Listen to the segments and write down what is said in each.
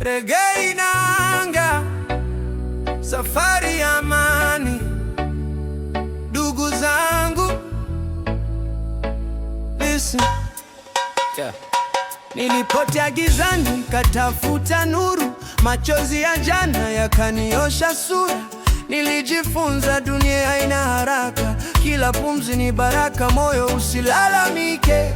Reggae inaanga safari ya amani, ndugu zangu, listen yeah. Nilipotea gizani katafuta nuru, machozi ya jana yakaniosha sura. Nilijifunza dunia haina haraka, kila pumzi ni baraka, moyo usilalamike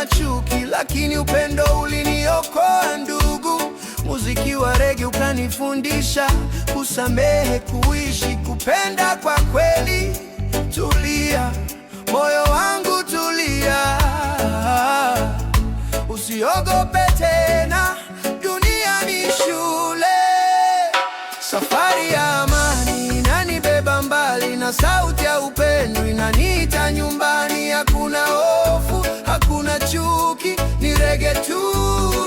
na chuki, lakini upendo uliniokoa ndugu. Muziki wa rege ukanifundisha kusamehe, kuishi, kupenda kwa kweli. Tulia moyo wangu, tulia, usiogope tena, dunia ni shule. Safari ya amani inanibeba mbali na sauti ndege tu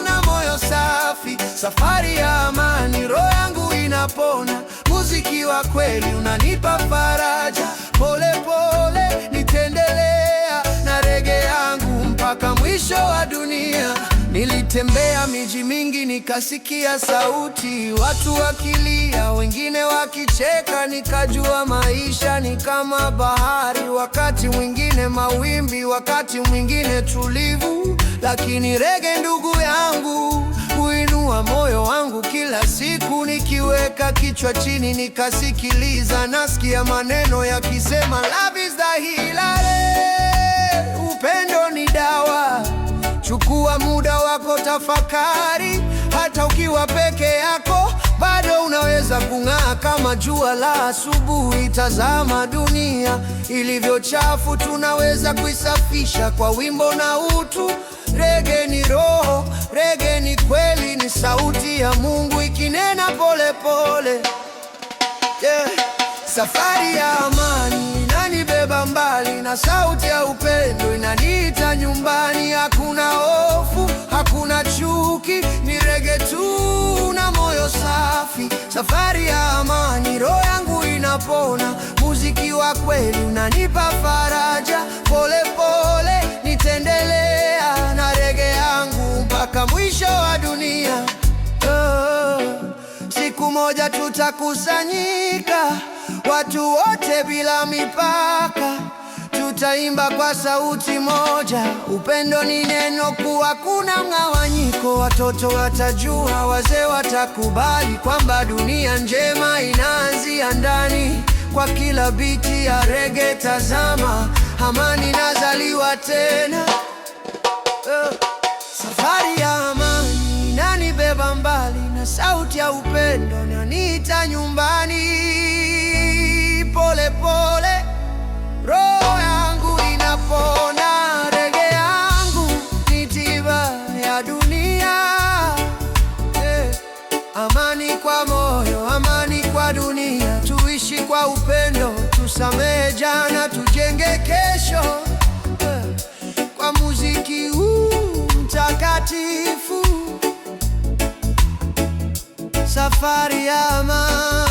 na moyo safi, safari ya amani, roho yangu inapona. Muziki wa kweli unanipa faraja, pole pole nitendelea na rege yangu mpaka mwisho wa dunia. Nilitembea miji mingi, nikasikia sauti, watu wakilia, wengine wakicheka. Nikajua maisha ni kama bahari, wakati mwingine mawimbi, wakati mwingine tulivu lakini rege ndugu yangu kuinua moyo wangu kila siku, nikiweka kichwa chini nikasikiliza, nasikia maneno yakisema love is the healer, upendo ni dawa. Chukua muda wako, tafakari, hata ukiwa peke yako bado unaweza kung'aa kama jua la asubuhi. Tazama dunia ilivyo chafu, tunaweza kuisafisha kwa wimbo na utu. Rege ni roho, rege ni kweli, ni sauti ya Mungu ikinena polepole pole. Yeah. Safari ya amani inanibeba mbali na sauti ya upendo inaniita nyumbani. safari ya amani, roho yangu inapona. Muziki wa kweli unanipa faraja, pole pole nitendelea na rege yangu mpaka mwisho wa dunia. Oh, siku moja tutakusanyika watu wote bila mipaka Tutaimba kwa sauti moja, upendo ni neno kuwa kuna mgawanyiko. Watoto watajua, wazee watakubali kwamba dunia njema inaanzia ndani. Kwa kila biti ya rege, tazama amani nazaliwa tena. Uh, safari ya amani inanibeba mbali na sauti ya upendo naniita nyumbani. kwa moyo, amani kwa dunia, tuishi kwa upendo, tusamehe jana, tujenge kesho kwa muziki huu mtakatifu, safari ya amani.